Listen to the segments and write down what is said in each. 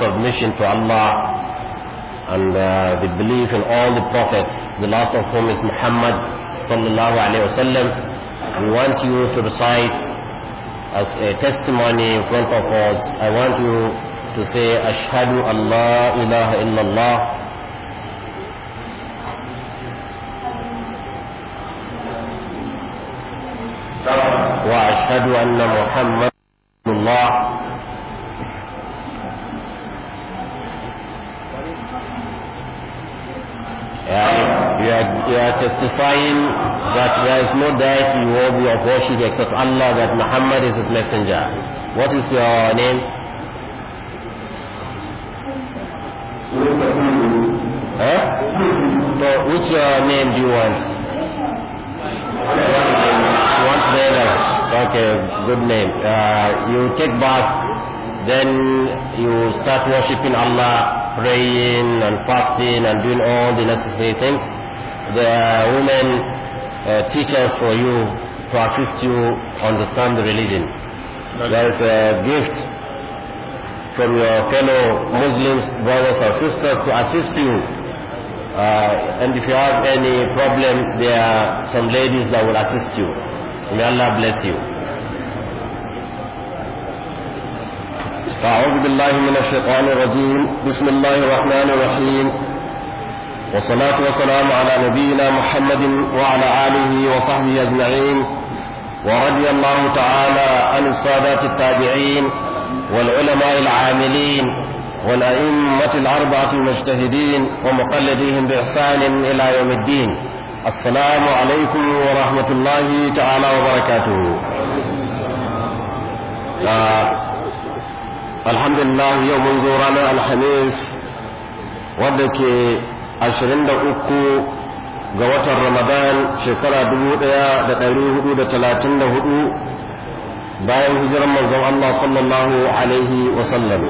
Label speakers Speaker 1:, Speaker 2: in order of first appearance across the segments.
Speaker 1: submission to Allah and uh, the belief in all the prophets, the last of whom is Muhammad sallallahu alaihi wasallam. We want you to recite as a testimony in front of us. I want you
Speaker 2: to say, Ashhadu Allah ilaha illallah. وأشهد أن محمد testifying that there is no deity worthy of
Speaker 1: worship except Allah, that Muhammad is his messenger. What is your name?
Speaker 2: Huh? So which uh, name do you want? What
Speaker 1: want Okay, good name. Uh, you take bath, then you start worshipping Allah, praying and fasting and doing all the necessary things. There are women uh, teachers for you to assist you understand the religion. There is a gift from your fellow Muslims, brothers or sisters to assist you. Uh, and if you have any problem, there are some ladies that will assist you. May Allah bless you. أعوذ بالله من الشيطان الرجيم بسم الله الرحمن الرحيم والصلاة والسلام على نبينا محمد وعلى آله وصحبه أجمعين ورضي الله تعالى عن السادات التابعين والعلماء العاملين والأئمة الأربعة المجتهدين ومقلديهم بإحسان إلى يوم الدين السلام عليكم ورحمة الله تعالى وبركاته آه، الحمد لله يوم زورنا الحميس وبكي ashirin da uku ga watan ramadan shekara dubu ɗaya da hudu da talatin da hudu bayan hijirar manzon Allah sallallahu alaihi sallam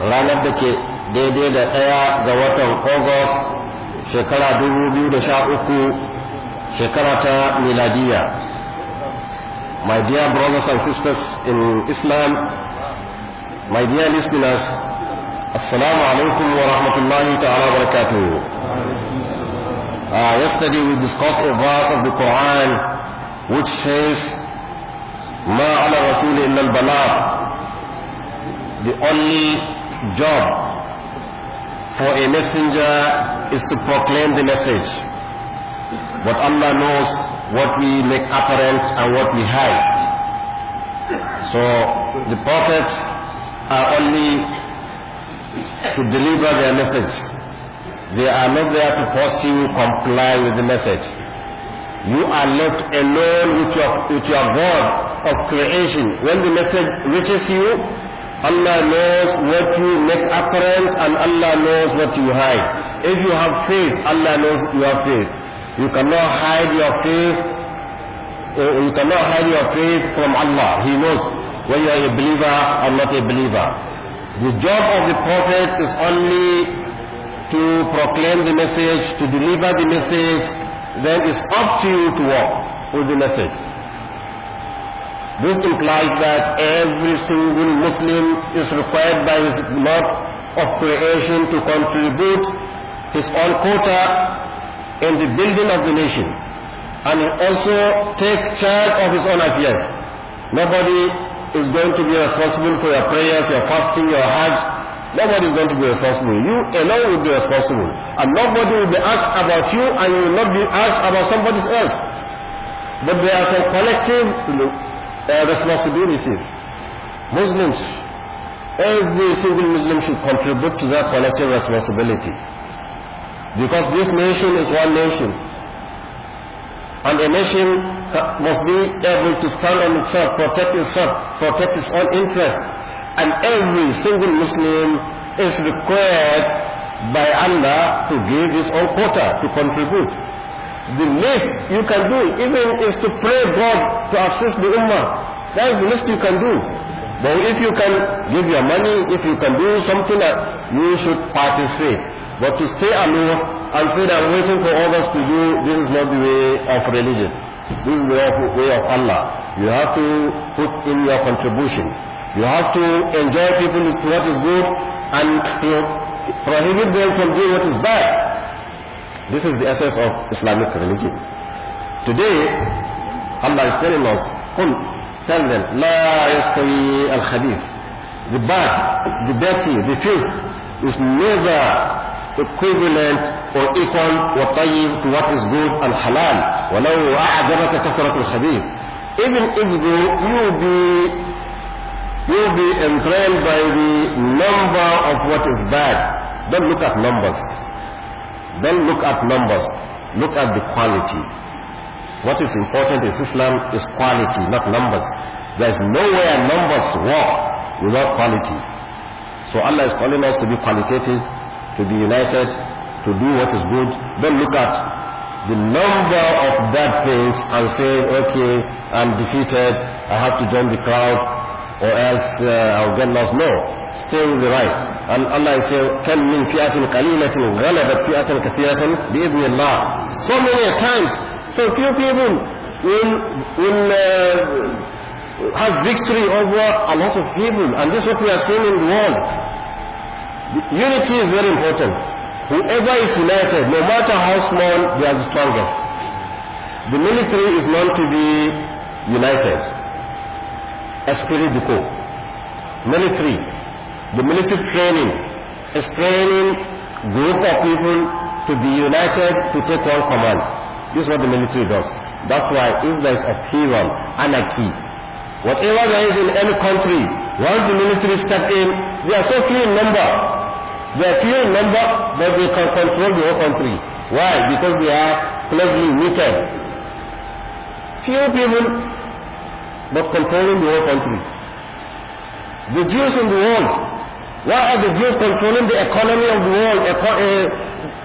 Speaker 1: ranar da ke daidai da ɗaya ga watan august shekara dubu biyu da sha uku shekara ta miladiya my dear brothers and sisters in islam my dear listeners السلام alaikum wa rahmatullahi ta'ala wa barakatuh. Uh, yesterday we discussed a verse of the Quran which says, ما على رسول إلا البلاغ. The only job for a messenger is to proclaim the message. But Allah knows what we make apparent and what we hide. So the prophets are only to deliver their message. They are not there to force you to comply with the message. You are left alone with your, with your God of creation. When the message reaches you, Allah knows what you make apparent and Allah knows what you hide. If you have faith, Allah knows your faith. You cannot hide your faith. You cannot hide your faith from Allah. He knows whether you are a believer or not a believer. The job of the prophet is only to proclaim the message, to deliver the message, then it's up to you to walk with the message. This implies that every single Muslim is required by his lot of creation to contribute his own quota in the building of the nation and also take charge of his own affairs. Nobody is going to be responsible for your prayers, your fasting, your hajj. Nobody is going to be responsible. You alone will be responsible. And nobody will be asked about you and you will not be asked about somebody else. But there are some collective uh, responsibilities. Muslims, every single Muslim should contribute to that collective responsibility. Because this nation is one nation. And a nation uh, must be able to stand on itself, protect itself, protect its own interests. And every single Muslim is required by Allah to give his own quota, to contribute. The least you can do even is to pray God to assist the Ummah. That is the least you can do. But if you can give your money, if you can do something, you should participate. But to stay aloof and say that I'm waiting for others to do, this is not the way of religion. This is the way of Allah. You have to put in your contribution. You have to enjoy people with what is good and prohibit them from doing what is bad. This is the essence of Islamic religion. Today, Allah is telling us, tell them, لا يستوي الخبيث. The bad, the dirty, the filth is never equivalent or equal or tayyib to what is good and halal ولو أعجبك كثرة الخبيث even if you be you be enthralled by the number of what is bad don't look at numbers don't look at numbers look at the quality what is important is Islam is quality not numbers there is nowhere numbers work without quality so Allah is calling us to be qualitative to be united, to do what is good, then look at the number of bad things and say, okay, I'm defeated, I have to join the crowd, or else uh, I'll get lost. No, stay with the right. And Allah is saying, كَمْ مِنْ فِيَةٍ قَلِيلَةٍ غَلَبَتْ فِيَةً كَثِيرَةً بِإِذْنِ اللَّهِ So many times, so few people will, will uh, have victory over a lot of people. And this is what we are seeing in the world. Unity is very important. Whoever is united, no matter how small, they are the strongest. The military is known to be united. Esprit de corps. Military. The military training is training group of people to be united to take one command. This is what the military does. That's why if there is a upheaval, anarchy, whatever there is in any country, once the military step in, they are so few in number,
Speaker 2: are few number, but they can control the whole country. Why? Because they are closely knitted. Few people,
Speaker 1: but controlling the whole country. The Jews in the world, why are the Jews controlling the economy of the world, eco uh,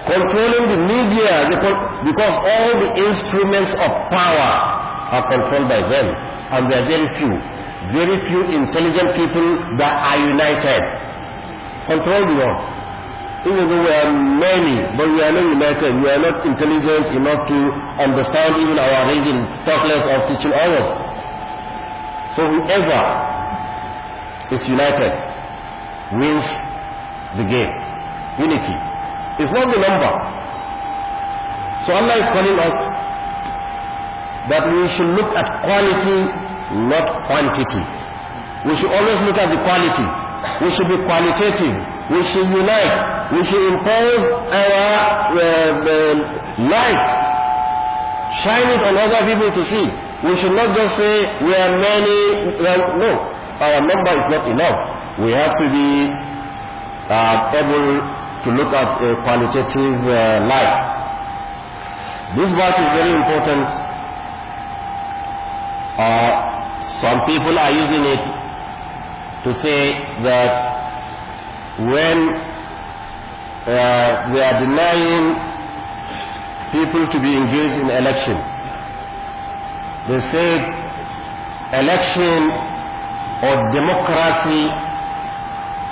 Speaker 1: controlling the media? because all the instruments of power are controlled by them, and there are very few, very few intelligent people that are united. Control the world. Even we are many, but we are not united, we are not intelligent enough to understand even our religion, talk less of teaching others. So whoever is united wins the game. Unity. It's not the number. So Allah is calling us that we should look at quality, not quantity. We should always look at the quality. We should be qualitative We should unite. We should impose our uh, light. Shine it on other people to see. We should not just say we are many. Well, no, our number is not enough. We have to be uh, able to look at a qualitative uh, light. This verse is very important. Uh, some people are using it to say that when uh, they are denying people to be engaged in election. They said election or democracy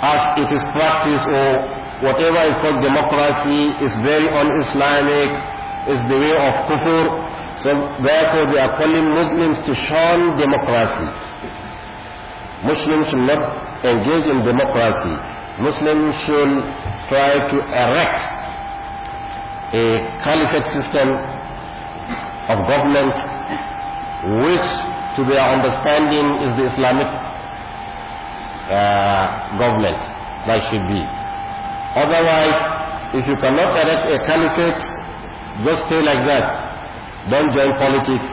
Speaker 1: as it is practiced or whatever is called democracy is very un-Islamic, is the way of kufr. So therefore they are calling Muslims to shun democracy. Muslims should not engage in democracy. Muslims should try to erect a caliphate system of government which to their understanding is the Islamic uh, government that should be. Otherwise, if you cannot erect a caliphate, just stay like that. Don't join politics.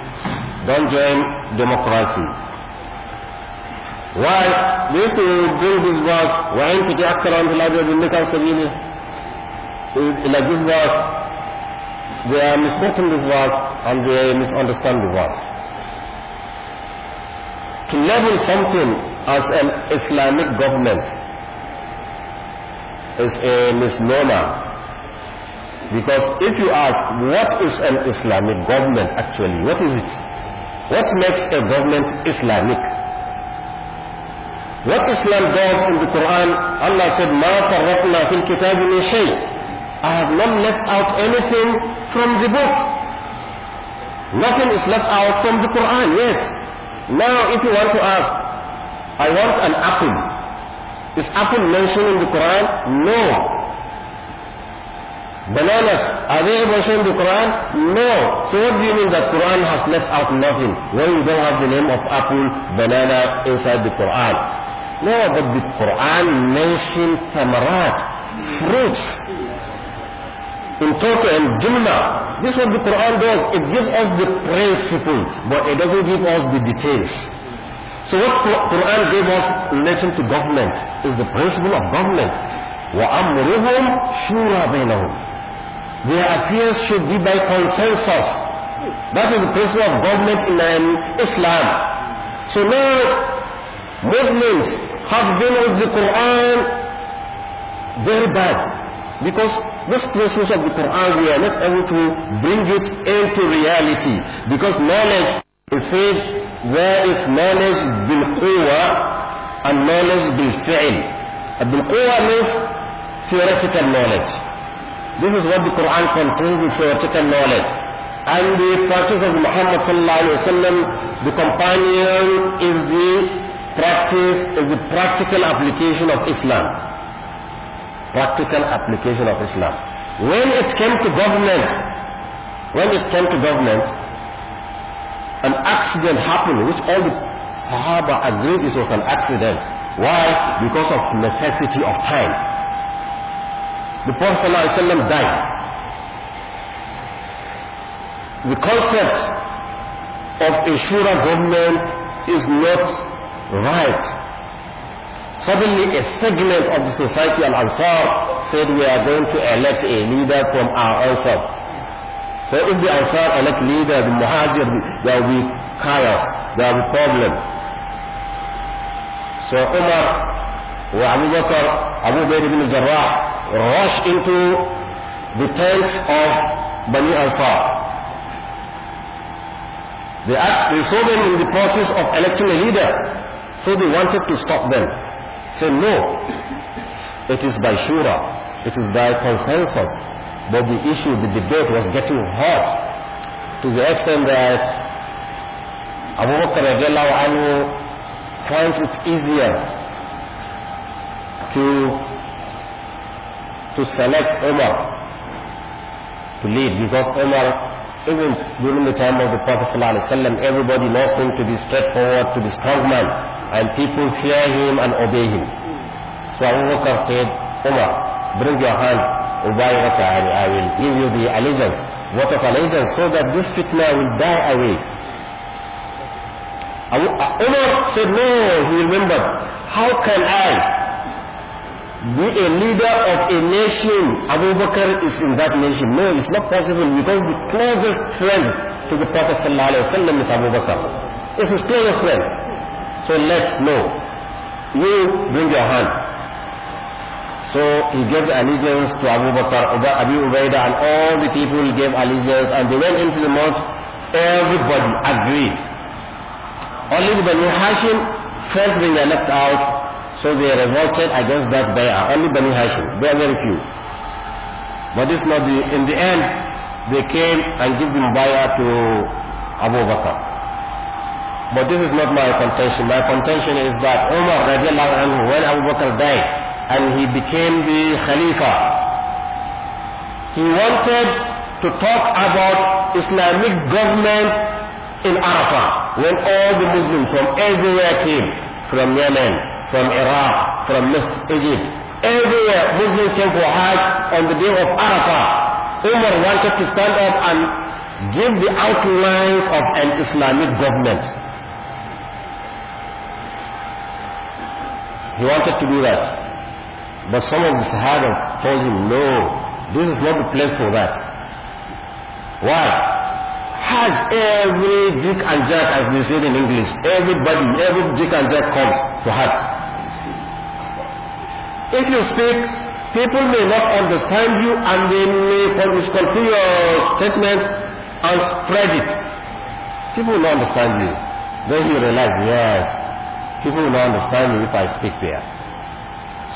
Speaker 1: Don't join democracy. Why? They used to bring this verse, وَأَنْتُ تَأْكَرَ أَنْتُ الْأَبْيَ بِالنِّكَ وَسَبِيلِ Like this verse, they are misquoting this verse and they misunderstand the verse. To label something as an Islamic government is a misnomer. Because if you ask, what is an Islamic government actually? What is it? What makes a government Islamic? What Islam does in the Quran, Allah said, مَا فَرَّقْنَا فِي الْكِتَابِ مِنْ شَيْءٍ I have not left out anything from the book. Nothing is left out from the Quran, yes. Now if you want to ask, I want an apple. Is apple mentioned in the Quran? No. Bananas, are they mentioned in the Quran? No. So what do you mean that Quran has left out nothing? When you don't have the name of apple, banana inside the Quran. No, but the Quran mention tamarat, fruits. In total and Jumla. This is what the Quran does. It gives us the principle, but it doesn't give us the details. So what Quran gave us in relation to government is the principle of government. وَأَمْرُهُمْ شُورَى بَيْنَهُمْ Their affairs should be by consensus. That is the principle of government in um, Islam. So now Muslims have been with the Quran very bad because this closeness of the Quran we are not able to bring it into reality because knowledge is said there is knowledge bil quwa and knowledge bil fi'l. Bil quwa means theoretical knowledge. This is what the Quran contains, the theoretical knowledge. And the practice of Muhammad sallallahu alayhi wa sallam, the companion is the practice the practical application of Islam. Practical application of Islam. When it came to government, when it came to government, an accident happened, which all the Sahaba agreed it was an accident. Why? Because of necessity of time. The Prophet ﷺ died. The concept of a Shura government is not right. Suddenly a segment of the society al Ansar said we are going to elect a leader from our own self. So if the Ansar elect leader, the Muhajir, there will be chaos, there will be problem. So Umar wa Abu Bakr, Abu Bakr ibn Jarrah rushed into the tents of Bani Ansar. They asked, they saw them in the process of electing a leader. So they wanted to stop them. Say, no, it is by shura, it is by consensus. But the issue, the debate was getting hot to the extent that Abu Bakr anhu finds it easier to, to select Omar to lead because Omar even during the time of the Prophet everybody knows him to be straightforward, to be strong man and people fear him and obey him. So Abu Bakr said, Umar, bring your hand, Ubay Bakr, and I will give you the allegiance, vote of allegiance, so that this fitna will die away. Abu, Umar uh, said, no, he remembered, how can I be a leader of a nation. Abu Bakr is in that nation. No, it's not possible because the closest friend to the Prophet ﷺ is Abu Bakr. It's his closest friend. So let's know. You bring your hand. So he gives allegiance to Abu Bakr, Abu Ubaidah, and all the people gave allegiance, and they went into the mosque. Everybody agreed. Only the Banu Hashim felt they were left out, so they revolted against that bay'ah. Only Banu Hashim, very, very few. But this not the, in the end, they came and gave them bay'ah to Abu Bakr. But this is not my contention. My contention is that Umar radiallahu anhu, when Abu Bakr died and he became the Khalifa, he wanted to talk about Islamic government in Arafah when all the Muslims from everywhere came, from Yemen, from Iraq, from Egypt, everywhere Muslims came for Hajj on the day of Arafah. Umar wanted to stand up and give the outlines of an Islamic government. He wanted to do that. But some of the Sahabas told him, no, this is not the place for that. Why? Has every dick and jack, as they say in English, everybody, every dick and jack comes to Hajj. If you speak, people may not understand you and they may misconstrue your statement and spread it. People will not understand you. Then you realize, yes, People will not understand me if I speak there.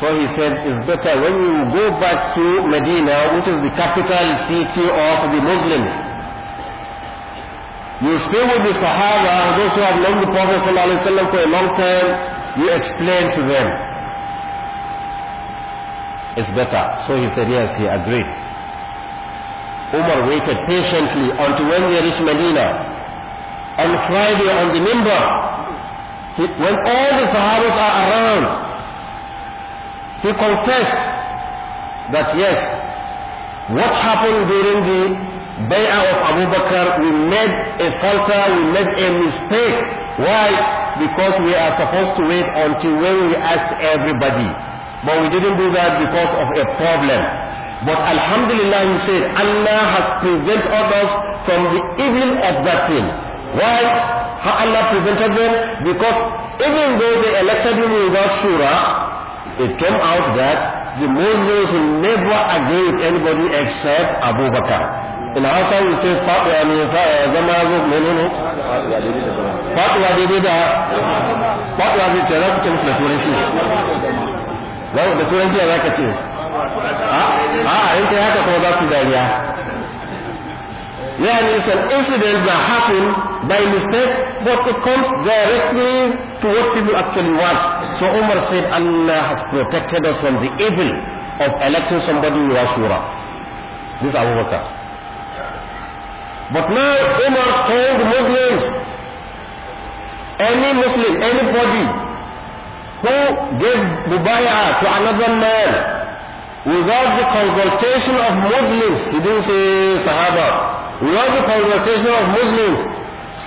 Speaker 1: So he said, it's better when you go back to Medina, which is the capital city of the Muslims. You stay with the Sahaba, those who have known the Prophet ﷺ for a long time, you explain to them. It's better. So he said, yes, he agreed. Umar waited patiently until when they reached Medina. On Friday on the Mimbar, when all the Sahabas are around, he confessed that yes, what happened during the Bay'ah of Abu Bakr, we made a falter, we made a mistake. Why? Because we are supposed to wait until when we ask everybody. But we didn't do that because of a problem. But Alhamdulillah, he said, Allah has prevented us from the evil of that thing. Why? How Allah prevented them? Because even though they elected him without Shura, it came out that the Muslims will never agree with anybody except Abu Bakr. In Hausa we say, Fatwa ne, zama zo, menene? Fatwa daidai da, fatwa zai ce, da ku ce musu da turanci. Da turanci ya za ka ce, a'a in kai haka kuma za su
Speaker 2: There is an incident that happened by mistake, but it
Speaker 1: comes directly to what people actually want. So Umar said, Allah has protected us from the evil of electing somebody in Ashura. This is Abu Bakr. But now Umar told Muslims, any Muslim, anybody who gave Mubayah to another man without the consultation of Muslims, he didn't say Sahaba, was the conversation of Muslims.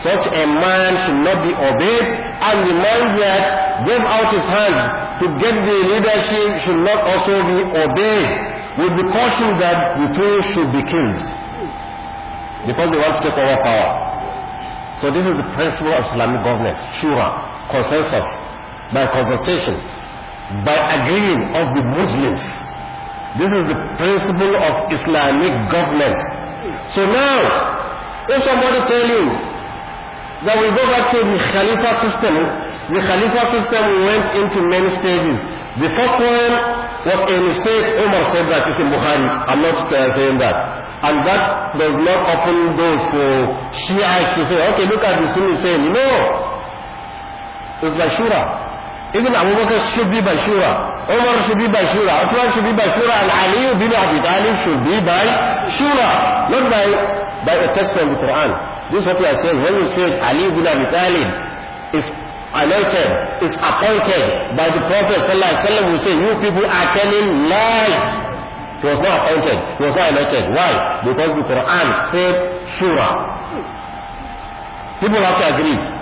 Speaker 1: Such a man should not be obeyed, and the man that gave out his hand to get the leadership should not also be obeyed, with the caution that the two should be killed, because they want to take over power. So this is the principle of Islamic government, shura, consensus, by consultation, by agreeing of the Muslims. This is the principle of Islamic government. So now, if somebody tell you that we go back to the Khalifa system, the Khalifa system went into many stages. The first one was a mistake. Umar said that. It's in Bukhari. I'm not uh, saying that. And that does not open doors for Shiites to say, okay, look at the Sunni saying, no.
Speaker 2: It's like Shura. ibn abubakar shubi by shura umar shubi by shura usman shubi by shura and ali bin abi talib shubi by shura
Speaker 1: not by a text from the quran this is what we are saying when we say ali bin abi talib is anointed is appointed by the prophet sallallahu alaihi wasallam we say you people are telling lies he was not appointed he was not anointed why because the quran said shura people have to agree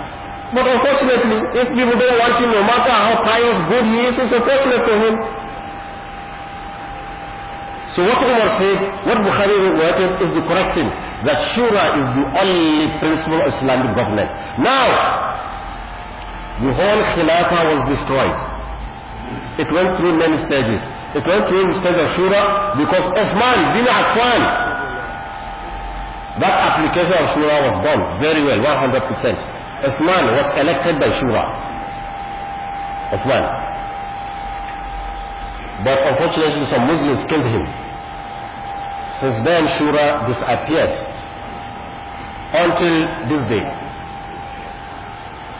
Speaker 1: But unfortunately, if people don't want him, no matter how pious, good he is, it's unfortunate for him. So what Umar said, what Bukhari reported is the correct thing, that Shura is the only principle of Islamic government. Now, the whole Khilafah was destroyed. It went through many stages. It went through the stage of Shura because Osman bin Affan, that application of Shura was done very well, 100%. Uthman was elected by Shura. Uthman. But unfortunately, some Muslims killed him. Since then, Shura disappeared until this day.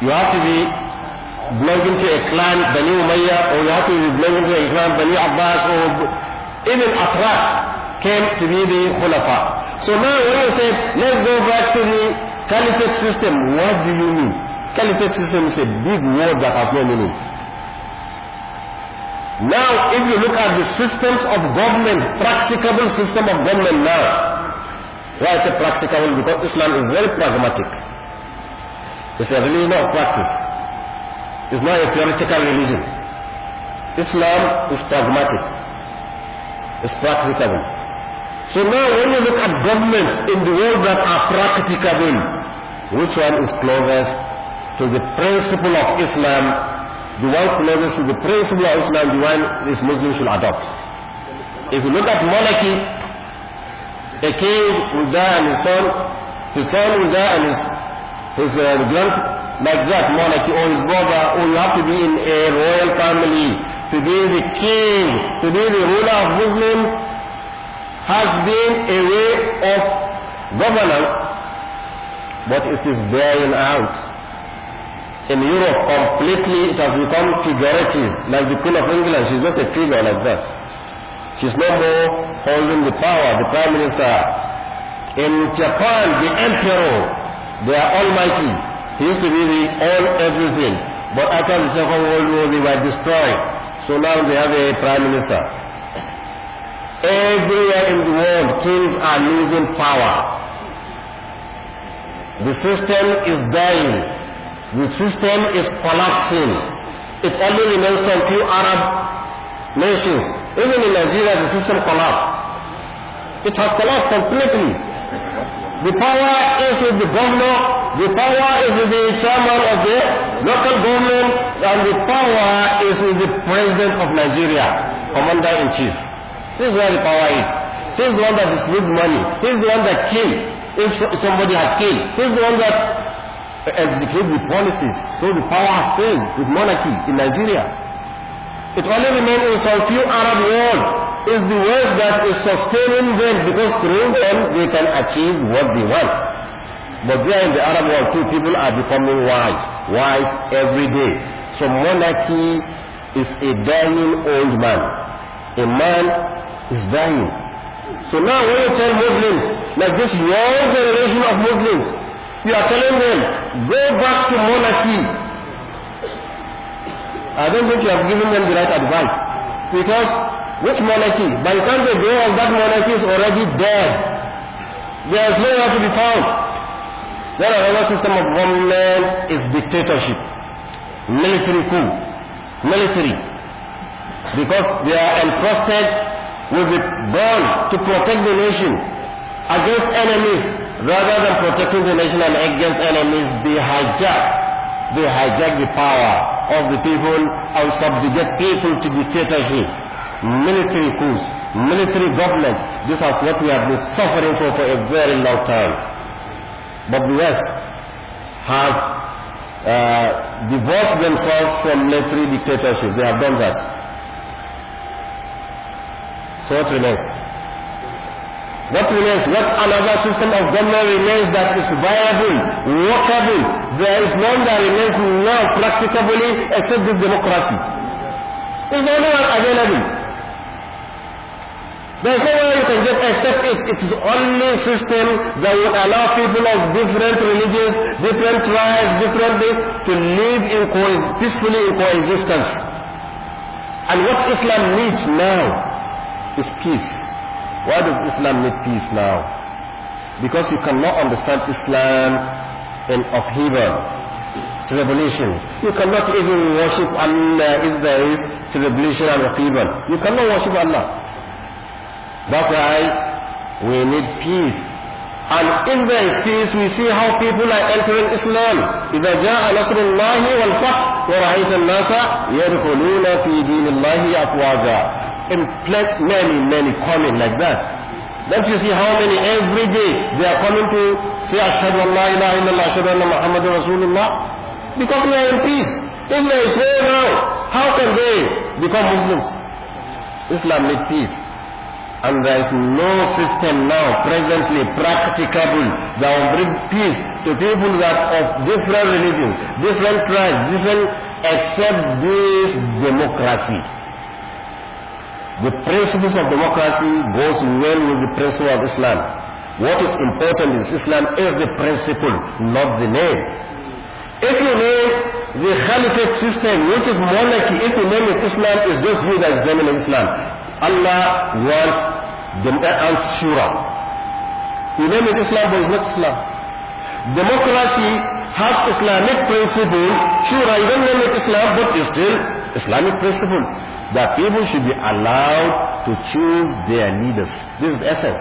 Speaker 1: You have to be belonging to a clan, Bani Umayyah, or you have to be belonging to a clan, Bani Abbas, or even Atrak came to be the Khulafa. So now when you say, let's go back to the Caliphate system, what do you mean? Caliphate system is a big word that has no meaning. Now, if you look at the systems of government, practicable system of government now, why is it practicable? Because Islam is very pragmatic. It's a religion of practice. It's not a theoretical religion. Islam is pragmatic. It's practicable. So now when you look at governments in the world that are practicable, Which one is closest to the principle of Islam? The one closest to the principle of Islam, the one this Muslim should adopt. If you look at monarchy, a king will die and his son, his son will die and his, his uh, grand, like that monarchy or his brother, or you have to be in a royal family to be the king, to be the ruler of Muslim has been a way of governance But it is bearing out? In Europe, completely it has become figurative, like the Queen of England. She's just a figure like that. She's no more holding the power, the Prime Minister. In Japan, the Emperor, they are almighty. He used to be the all everything. But after the Second World War, they were destroyed. So now they have a Prime Minister. Everywhere in the world, kings are losing power. The system is dying. The system is collapsing. It only remains some few Arab nations. Even in Nigeria, the system collapsed. It has collapsed completely. The power is with the governor, the power is with the chairman of the local government, and the power is with the president of Nigeria, commander in chief. This is where the power is. is the one that distributes money. is the one that kills. if somebody has killed, he's the one that executes the policies. So the power has failed with monarchy in Nigeria. It only remains in some few Arab world is the world that is sustaining them because through them they can achieve what they want. But there in the Arab world too, people are becoming wise, wise every day. So monarchy is a dying old man. A man is dying So now when you tell Muslims, like this young generation of Muslims, you are telling them, go back to monarchy. I don't think you have given them the right advice. Because which monarchy? By the time they go on that monarchy is already dead. There is nowhere to be found. Then another system of government is dictatorship, military coup, military. Because they are entrusted will be born to protect the nation against enemies rather than protecting the nation and against enemies. They hijack, they hijack the power of the people and subjugate people to dictatorship, military coups, military governments. This is what we have been suffering for for a very long time. But the West have uh, divorced themselves from military dictatorship. They have done that. So what remains? What remains? What another system of government remains that is viable, workable? There is none that remains now practicably except this democracy.
Speaker 2: Is there no one available. There is no way you can just accept it. It is only system that will allow people of different religions, different tribes, different races
Speaker 1: to live in peacefully in coexistence. And what Islam needs now is peace. Why does Islam need peace now? Because you cannot understand Islam in upheaval, revolution. You cannot even worship Allah if there is revolution and upheaval. You cannot worship Allah. That's why we need peace. And in there is peace, we see how people are entering Islam. إذا جاء نصر الله والفتح ورأيت الناس يدخلون في دين الله أفواجا in place many, many coming like that. Don't you see how many every day they are coming to say, Ashadu Allah ilaha illallah, Ashadu Allah Muhammadun Rasulullah? Because we are in peace. If they say war now, how can they become Muslims? Islam needs peace. And there is no system now presently practicable that will bring peace to people that of different religions, different tribes, different, except this democracy. The principles of democracy goes well with the principle of Islam. What is important in Islam is the principle, not the name. If you name the caliphate system, which is monarchy, if you name it Islam, it's just you that is naming Islam. Allah wants uh, the Shura. You name it Islam, but it's not Islam. Democracy has Islamic principle. Shura, you don't name it Islam, but it's still Islamic principle. that people should be allowed to choose their leaders. This is the essence.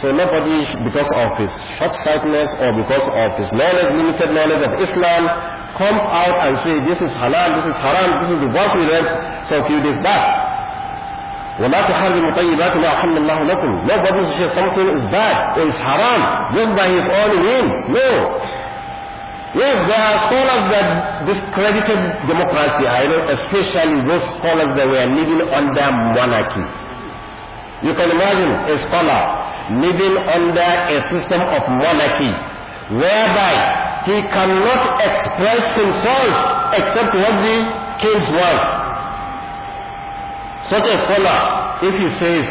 Speaker 1: So nobody, because of his short-sightedness or because of his knowledge, limited knowledge of Islam, comes out and say this is halal, this is haram, this is the worst we read so a few days back.
Speaker 2: وَلَا تُحَرِّمُ طَيِّبَاتِ مَا
Speaker 1: أَحَلَّ اللَّهُ لَكُمْ Nobody says say something is bad or is haram just by his own means. No. Yes, there are scholars that discredited democracy. I know, especially those scholars that were living under monarchy. You can imagine a scholar living under a system of monarchy, whereby he cannot express himself except what the kings want. Such a scholar, if he says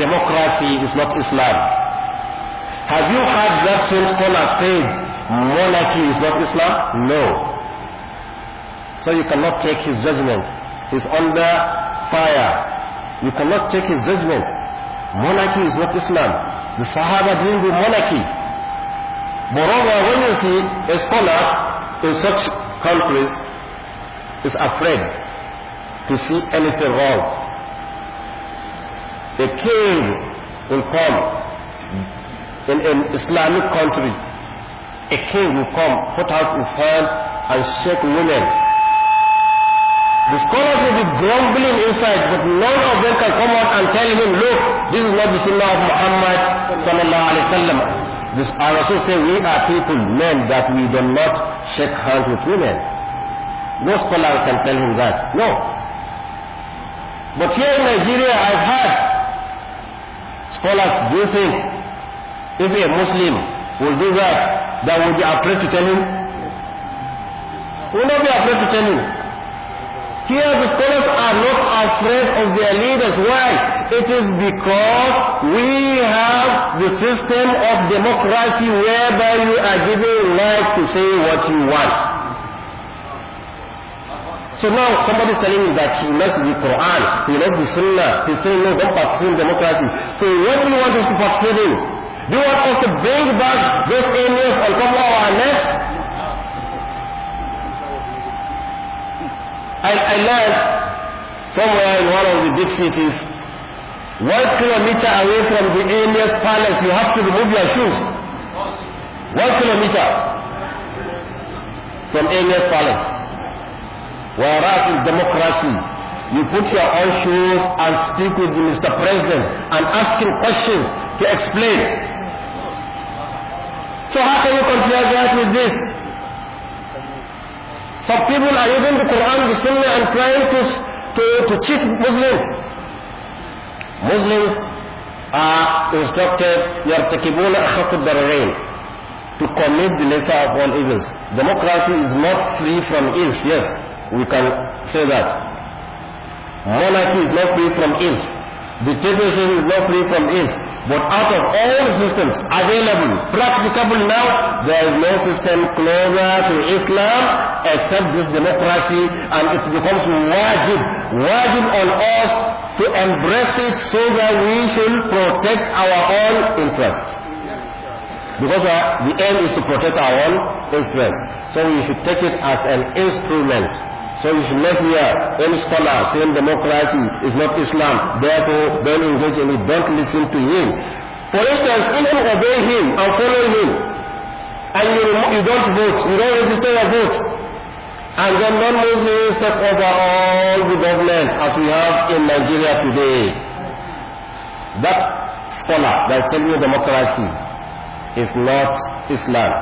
Speaker 1: democracy is not Islam, have you heard that same scholar say Monarchy is not Islam? No. So you cannot take his judgment. He's under fire. You cannot take his judgment. Monarchy is not Islam. The Sahaba didn't do monarchy. Moreover, when you see a scholar in such countries is afraid to see anything wrong, a king will come in an Islamic country a king will come, put out his hand and shake women. The scholars will be grumbling inside, but none of them can come out and tell him, look, this is not the sunnah of Muhammad sallallahu alaihi wasallam. This Rasul say, we are people, men, that we do not shake hands with women. No scholar can tell him that. No. But here in Nigeria, I've had scholars do think if a Muslim will do that, that will be afraid to tell him? Will
Speaker 2: not be afraid to tell him. Here the scholars are not afraid of their leaders. Why? It is because we have
Speaker 1: the system of democracy whereby you are given right to say what you want. So now somebody is telling me that he loves the Quran, he loves the Sunnah, he's saying no, don't participate in democracy. So what do you want us to participate in? Do you want us to bring back those aliens and cover our necks? I, I learned somewhere in one of the big cities, one kilometer away from the alien's palace, you have to remove your shoes.
Speaker 2: One kilometer from alien's palace. Whereas in democracy, you put your own shoes and
Speaker 1: speak with the Mr. President and ask him questions to explain
Speaker 2: So how can you compare that with this?
Speaker 1: Some people are using the Quran, the Sunnah and trying to, to, to cheat Muslims. Muslims are instructed يَرْتَكِبُونَ أَخَفُ الدَّرَرَيْنِ to commit the lesser of all evils. Democracy is not free from ills, yes, we can say that. Monarchy is not free from ills. the Dictatorship is not free from it. But out of all systems available, practicable now, there is no system closer to Islam except this democracy and it becomes wajib, wajib on us to embrace it so that we should protect our own interest. Because uh, the aim is to protect our own interest. So we should take it as an instrument So it's not here. Any scholar saying democracy is not Islam, therefore don't engage in it, don't listen to him. For instance, if you obey him and follow him, and you, you don't vote, you don't register your votes, and then non-Muslims take over all the government as we have in Nigeria today. That scholar that is telling you democracy is not Islam.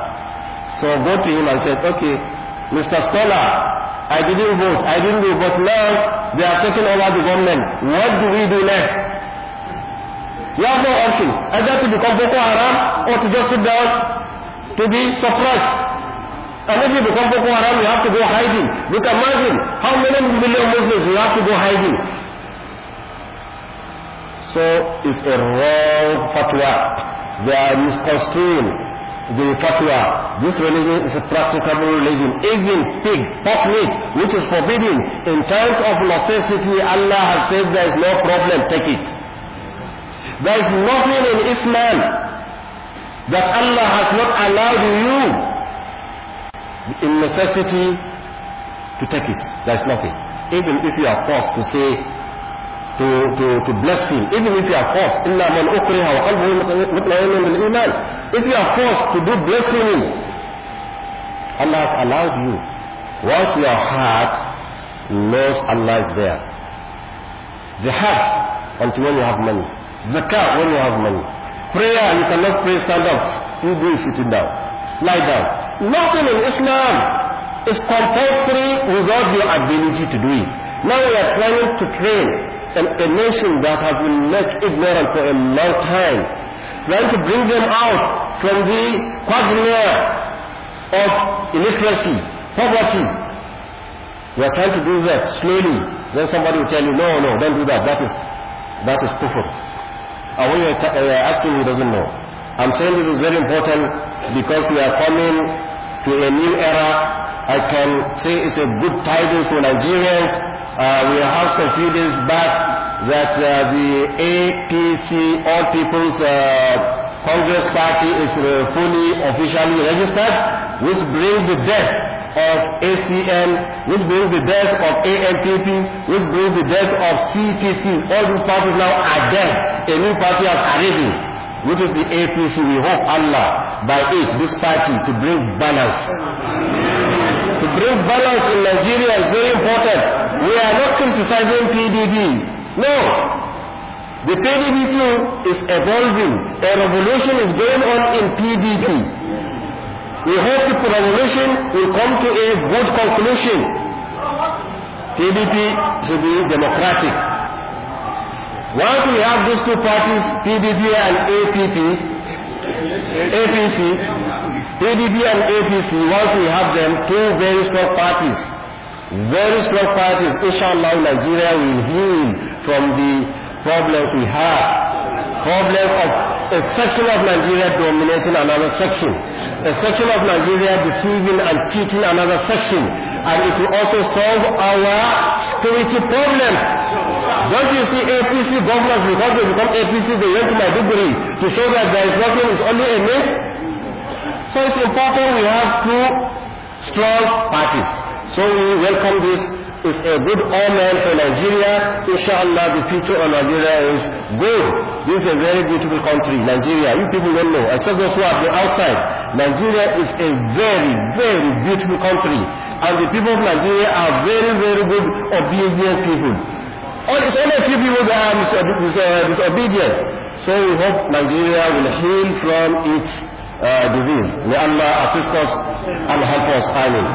Speaker 1: So go to him and say, okay, Mr. Scholar, I didn't vote, I didn't do, but now they are taking over the government. What do we do next? You have no option, either to become Boko Haram or to just sit down to be suppressed. And if you become Boko Haram, you have to go hiding. You can imagine how many million Muslims you have to go hiding. So it's a wrong fatwa. They are misconstruing the fatwa. This religion is a practicable religion. Even pig, pork which is forbidden, in times of necessity, Allah has said there is no problem, take it. There is nothing in Islam that Allah has not allowed you in necessity to take it. There is nothing. Even if you are forced to say, to to to blaspheme even if you are forced illa man ukriha wa qalbuhu mutma'inun if you are forced to do blasphemy Allah has allowed you once your heart knows Allah is there the heart until when you have money the car when you have money prayer you cannot pray stand up you do sitting down lie down nothing in Islam is compulsory without your ability to do it now we are trying to train and a nation that has been left ignorant for a long time. Trying to bring them out from the quagmire of illiteracy, poverty. We are trying to do that slowly. Then somebody will tell you, no, no, don't do that. That is, that is kufr. And when you are uh, asking, he doesn't know. I'm saying this is very important because we are coming to a new era. I can say it's a good tidings for Nigerians. Uh, we have some few days back that uh, the APC, All People's uh, Congress Party, is uh, fully officially registered, which brings the death of ACN, which brings the death of ANPP, which brings the death of CPC. All these parties now are dead. A new party has arisen, which is the APC. We hope Allah by it, this party, to bring balance. To bring balance in Nigeria is very important. We are not criticizing PDB. No. The PDP too is evolving. A revolution is going on in PDP. We hope the revolution will come to a good conclusion.
Speaker 2: PDP should be democratic.
Speaker 1: Once we have these two parties, PDP and APP, APC, ADB and APC, once we have them, two very strong parties, very strong parties, inshallah Nigeria will heal from the problem we have. Problem of a section of Nigeria dominating another section, a section of Nigeria deceiving and cheating another section, and it will also solve our security problems. Don't you see APC governors because they become APC, they went to Maiduguri to show that there is nothing, it's only a myth? So it's important we have two strong parties. So we welcome this. It's a good omen for Nigeria. Inshallah, the future of Nigeria is good. This is a very beautiful country, Nigeria. You people don't know, except those who are the outside. Nigeria is a very, very beautiful country. And the people of Nigeria are very, very good, obedient people. And it's only a few people that are disobedient. So we hope Nigeria will heal from its uh, disease. May Allah assist us and help us. finally.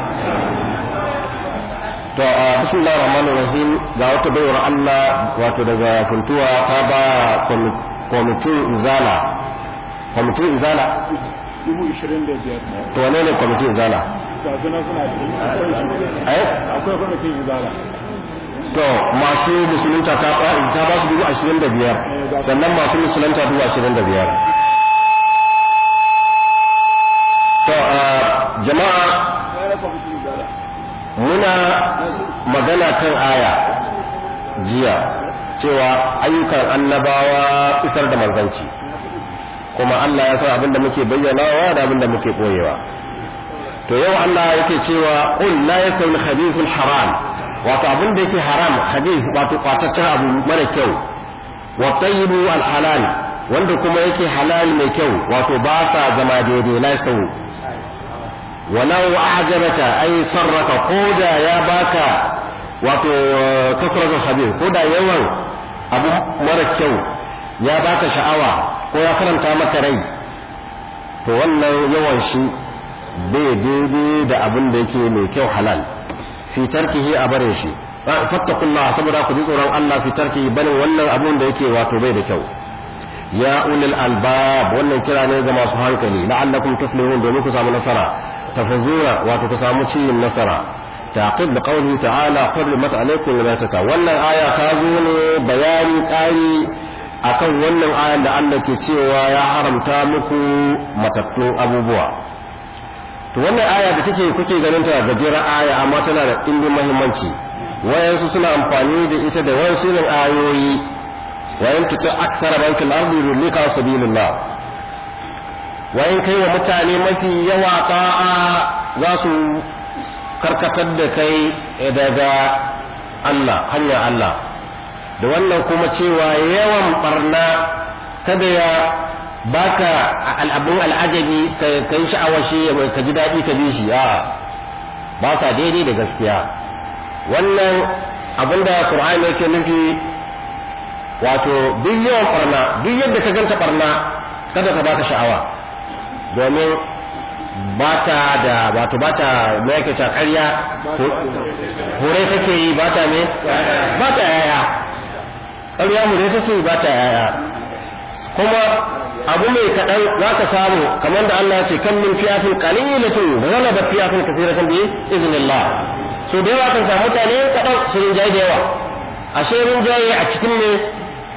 Speaker 1: To a uh, bismillah rahman rahim ga wata baiwar Allah wato daga funtuwa ta ba kwamitin zana. Kwamitin izala?
Speaker 3: To wane ne kwamitin zana? Ga suna eh? izala? Akwai kwamitin zana. to masu musulunta
Speaker 1: ta ta ba su dubu ashirin sannan masu musulunta dubu ashirin da biyar jama'a muna magana kan aya jiya cewa ayyukan annabawa isar da manzanci kuma Allah ya san abinda muke bayyanawa da abinda muke koyewa to yau
Speaker 2: Allah yake
Speaker 1: cewa qul la yastawi al-khabithul haram wato abin da yake haram Habib. wato kwataccen abu mara kyau wa tayyibu al halal wanda kuma yake halal mai kyau wato ba sa zama daidai la yastawu walau a'jabaka ay sarraka da ya baka wato Habib ko da yawan abu mara kyau ya baka sha'awa ko ya karanta maka rai to wannan yawan shi bai daidai da abin da yake mai kyau halal fi tarkihi a bare shi fattakullah saboda ku ji tsoron Allah fi tarkihi barin wannan abun da yake wato bai da kyau ya ulil albab wannan kira ne ga masu hankali la'allakum tuflihun domin ku samu nasara Tafazura, wato ku samu ciyin nasara تعقب ta'ala تعالى حرمت عليكم الميتة wannan aya ta zo ne bayani tsari akan wannan ayan da Allah ke cewa ya haramta muku matattun abubuwa to wannan aya da take kuke ganin ta gajeren aya amma tana da ɗimbin muhimmanci wayansu suna amfani da ita da wayansu irin ayoyi wayan tuta aksara bankin ardi rulika sabilillah wayan kai wa mutane mafi yawa ta'a za su karkatar da kai daga Allah hanyar Allah da wannan kuma cewa yawan barna kada ya baka al'abun al'ajabi ka yi sha'awar shi ka ji daɗi ka bi shi a ba sa daidai da gaskiya wannan abinda qur'ani yake nufi wato duk yawan barna duk yadda ka ganta barna kada ka baka sha'awa domin bata da wato bata me yake ta ƙarya hore take yi bata me bata yaya ƙarya mu ne take bata yaya kuma abu mai kaɗan za ka samu kamar da Allah ce kan min fiyatin qalilatin ghalabat fiyatin kathiratan bi iznillah so da yawa kan samu mutane kaɗan su rinjaye da yawa ashe rinjaye a cikin ne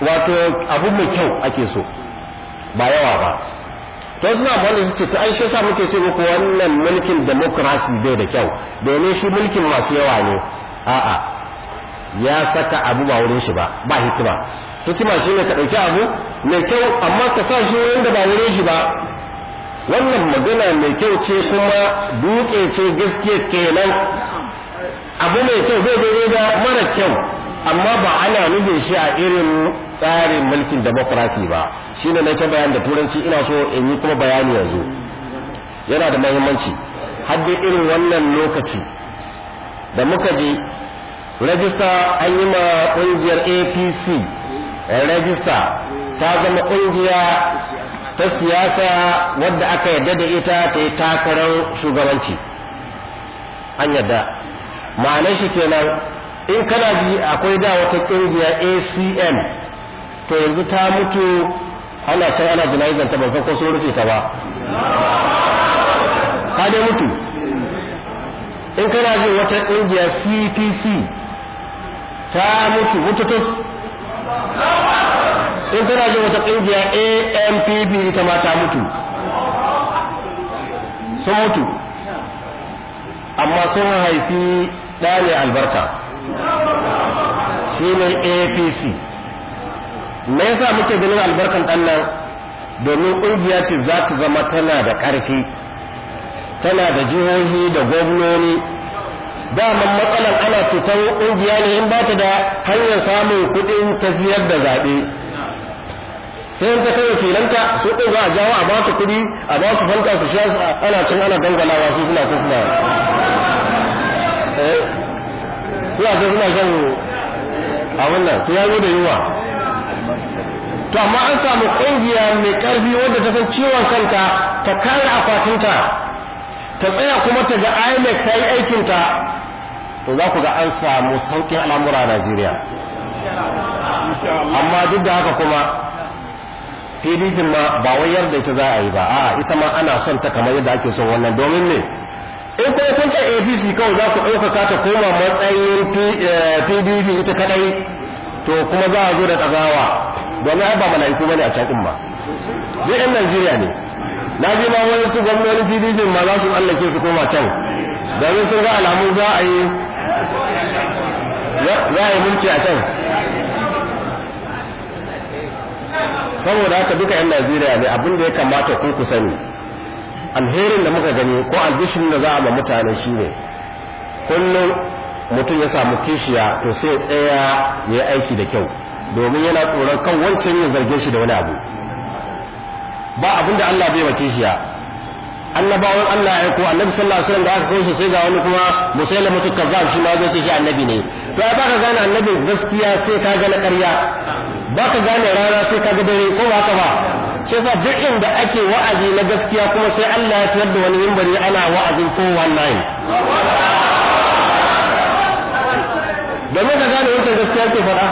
Speaker 1: wato abu mai kyau ake so ba yawa ba to suna ba wanda suke to ai shi yasa muke ce muku wannan mulkin democracy bai da kyau domin shi mulkin masu yawa ne a'a ya saka abu ba wurin shi ba ba hikima hikima shine ka ɗauki abu mai kyau amma ka sa shi wanda ba wurin shi ba wannan magana mai kyau ce kuma dutse ce gaskiya kenan
Speaker 2: abu mai kyau zai daidai da mara kyau amma ba ana nufin
Speaker 1: shi a irin tsarin mulkin demokrasi ba shine na ta bayan da turanci ina so in yi kuma bayani yanzu yana da mahimmanci har dai irin wannan lokaci da muka je rajista an yi ma ƙungiyar apc rajista ta zama kungiya ta siyasa wadda aka yarda da ita ta yi takarar shugabanci an yarda ma'ana shi kenan in kana ji akwai da wata kungiya acm to yanzu ta mutu ana can ana jina'izan ta ban san ko sun rufe ta ba Ta dai mutu in kana ji wata kungiya cpc ta mutu mutu
Speaker 2: in kana jin wata ƙungiya ampb ta mata mutu sun mutu amma sun haifi ɗane albarka shi ne APC
Speaker 1: me yasa muke ganin albarkan ɗannan domin ƙungiya ce za ta zama tana da ƙarfi tana da jihohi da gwamnoni
Speaker 2: man matsalan ana cutar ƙungiya ne in ba ta da hanyar samun kuɗin tafiyar da zaɓe sai yanta kai wakilanta su ɗin za a jawo a ba su kuɗi a ba su fanta su sha ana cin ana dangalawa
Speaker 1: su suna ta suna eh, suna ta suna shan abin nan su yayo
Speaker 2: da yunwa to amma an samu ƙungiya mai ƙarfi wadda ta san ciwon kanta ta kare akwatinta ta tsaya kuma ta ga IMEC ta yi aikinta
Speaker 1: to za ku ga an samu sauƙin al'amura a Najeriya
Speaker 2: amma duk da haka kuma
Speaker 1: PDP ma ba wai yadda ita za a yi ba a'a ita ma ana son ta kamar yadda ake son wannan domin ne in kuma kun ce APC kawai za ku ɗaukaka ta koma matsayin PDP eh, ita kadai to kuma za a zo da ɗagawa domin ba mala'iku bane a can umma duk 'yan Najeriya ne na je ma wani su gwamnoni PDP ma za su tsallake su koma can domin sun ga alamu za a yi
Speaker 2: ya yi mulki a can saboda haka duka 'yan najeriya ne abin da ya kamata
Speaker 1: ku sani alherin da muka gani ko albishin da za a ma mutane shi ne kullum mutum ya samu kishiya to sai ya tsaya ya yi aiki da kyau domin yana tsoron kan wancan ya zarge shi da wani abu ba abin da allah bai wa kishiya annabawan Allah ya ko annabi sallallahu alaihi wasallam da aka kawo sai ga wani kuma musailama mutu kazzab shi ma ya ce shi annabi ne to ai baka gane annabi gaskiya sai ka ga na ƙarya baka gane rana sai ka ga dare ko ba ka ba shi yasa duk inda ake wa'azi na gaskiya kuma sai Allah ya fiyar da wani mimbari ana wa'azin ko wallahi
Speaker 2: domin ka gane wancan gaskiya ke faɗa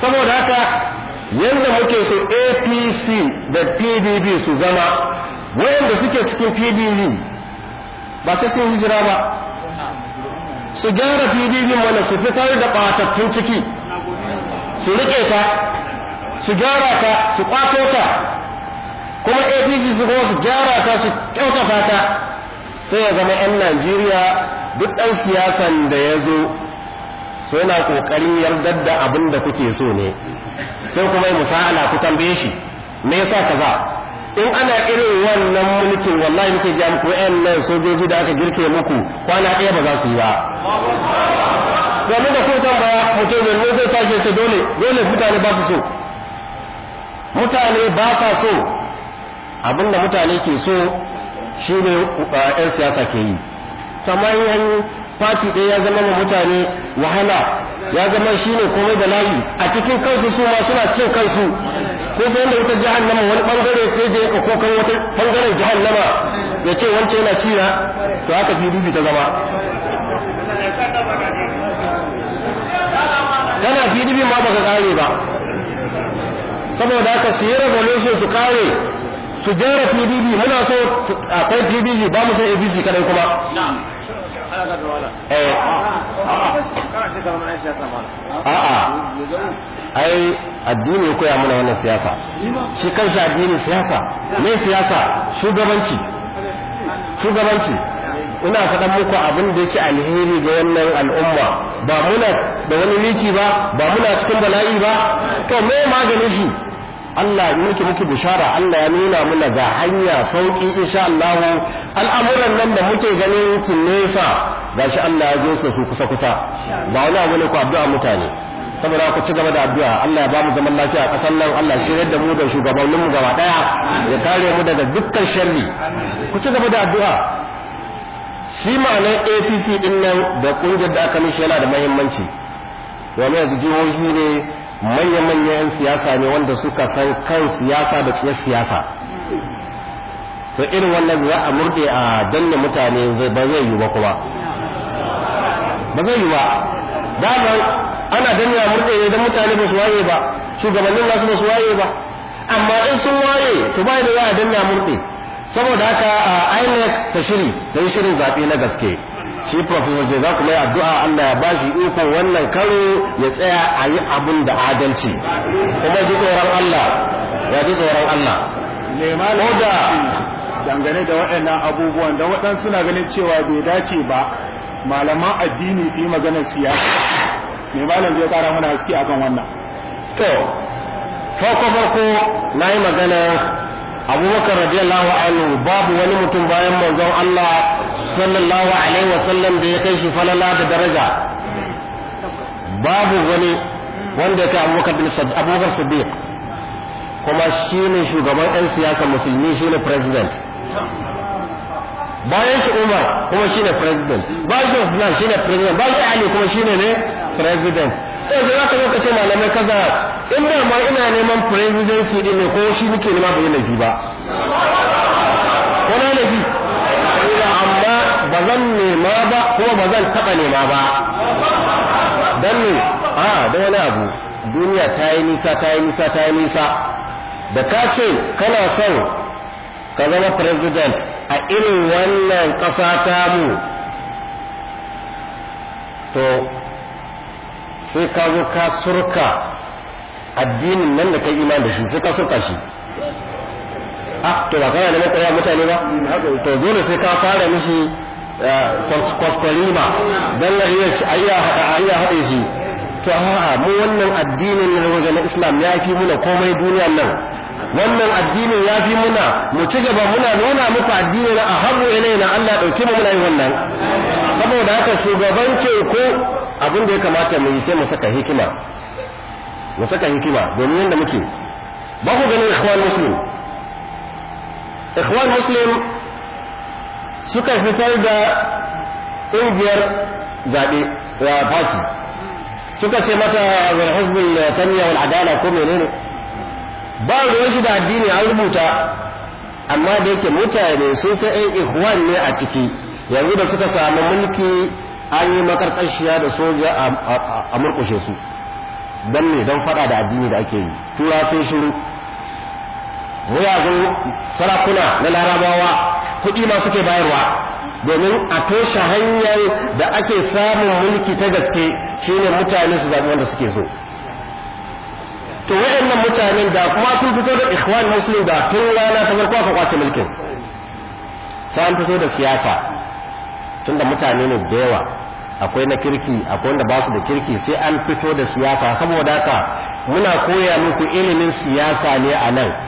Speaker 2: saboda haka Yanda muke so apc
Speaker 1: da pdp su zama wayanda suke cikin PDV ba sai sun hijira ba
Speaker 2: su gyara pdp mana su fitar da batattun ciki su rike ta su gyara ta su kwato ta
Speaker 1: kuma apc su kuma su gyara ta su kyautata ta sai ya zama 'yan najeriya duk ɗan siyasan da ya zo so ƙoƙarin yardar da abin da kuke so ne sai kuma yi musa'ala ku tambaye shi me yasa kaza in ana irin wannan mulkin wallahi muke ga muku wayannan sojoji da aka girke muku kwana ɗaya ba za su yi ba game da ko tambaya mutum ne zai sake ce dole dole mutane ba su so mutane ba sa so abin da mutane ke so shi ne uh, 'yan siyasa ke yi kamar yan fati ɗaya ya zama mutane wahala ya zama shi ne komai da layi a cikin kansu su ma suna cin kansu ko sai yadda wutar jahannama wani
Speaker 3: bangare sai je ka kokan wata bangaren jahannama ya ce wance yana cina
Speaker 2: to haka fi dubi ta zama
Speaker 3: kana fi dubi ma baka kare ba
Speaker 2: saboda haka su yi revolution su kare su jera pdb muna so akwai pdb ba mu sai abc kadai kuma
Speaker 3: Eh. Ah, ah, ah.
Speaker 1: a'a ai addini koya mana wannan siyasa shi kanshi addini siyasa me siyasa shugabanci shugabanci ina faɗan muku abin da yake alheri ga wannan al'umma ba muna da wani miki ba ba muna cikin bala'i ba to me maganin shi Allah miki muke bishara Allah ya nuna muna ga hanya sauki insha Allah al'amuran nan da muke ganin su nesa gashi Allah ya jinsa su kusa kusa ba wani abu ne ku addu'a mutane saboda ku ci gaba da addu'a Allah ya ba mu zaman lafiya a ƙasar nan Allah shiryar da mu da shugabannin mu gaba daya ya kare mu daga dukkan sharri ku ci gaba da addu'a shi ma'anar APC din nan da kungiyar da aka mishi yana da muhimmanci wa yanzu jihohi ne manya-manyan 'yan siyasa ne wanda suka san kan siyasa da tsiyar siyasa to irin wannan za a murde a danne mutane ba zai yi ba kuma ba zai yi ba daman ana danne a murde ne don mutane ba su waye ba shugabannin nasu ba su waye ba amma in sun waye to ba da za a danne a murde saboda haka a inec ta shiri ta yi shirin zaɓe na gaske shi professor zai za ku yi addu'a Allah ya ba shi iko wannan karo ya tsaya a yi abin da adalci
Speaker 2: kuma ji tsoron Allah ya ji tsoron Allah
Speaker 1: ko da dangane da waɗannan abubuwan da waɗansu suna ganin cewa bai dace ba malaman addini su yi maganar siyasa ma malam zai ƙara mana haske akan wannan to farko farko na yi magana abubakar radiyallahu anhu babu wani mutum bayan manzon Allah sallallahu alaihi wasallam da ya kai shi falala da daraja babu wani wanda ya kai abubakar bin kuma shi ne shugaban 'yan siyasa musulmi shi ne president
Speaker 2: bayan shi umar kuma shi ne president bayan shi usman shi ne president bayan shi ali kuma shi ne ne president to zai zaka zo ka ce malamai kaza in da ma ina neman presidency
Speaker 1: din ne ko shi nake nema ba yana ba nema ba kuma ba zan taɓa nema ba don ne a da wani abu duniya ta yi nisa ta yi nisa ta yi nisa da ka ce kana son ka zama president a irin wannan ƙasa ta mu to sai ka zo ka surka addinin nan da ka iman da shi sai ka surka shi
Speaker 2: a to ba kana neman ƙwarya mutane ba to dole sai ka fara mishi kwaskwarima don na iya haɗe shi to a'a mu wannan
Speaker 1: addinin na wajen na islam ya fi muna komai duniyar nan wannan addinin ya fi muna mu ci gaba muna nuna muku addinin a haru ya na allah ɗauki mu muna yi wannan saboda haka shugaban ko abin da ya kamata mu yi sai mu saka hikima mu saka hikima domin yadda muke ba ku ganin ikhwan muslim ikhwan muslim suka fitar da ƙungiyar zaɓe wa party
Speaker 2: suka ce mata hasbin
Speaker 1: hizbul tamiya wal adana ko menene ba ruwan shi da addini an rubuta amma da yake mutane sun sai ɗan ikhwan ne a ciki yanzu da suka samu mulki an yi makarƙashiya da soja a murƙushe su don ne don faɗa da addini da ake yi tura sun shiru muyagun sarakuna na larabawa kuɗi ma suke bayarwa
Speaker 2: domin a toshe hanyar da ake samun mulki ta gaske shine mutane su zaɓi wanda suke so to waɗannan mutanen da kuma sun fito da ikhwan muslim da tun rana ta farko aka kwace mulkin
Speaker 1: sai an fito da siyasa tunda mutane ne da yawa akwai na kirki akwai wanda ba su da kirki sai an fito da siyasa saboda haka muna koya muku ilimin siyasa ne a nan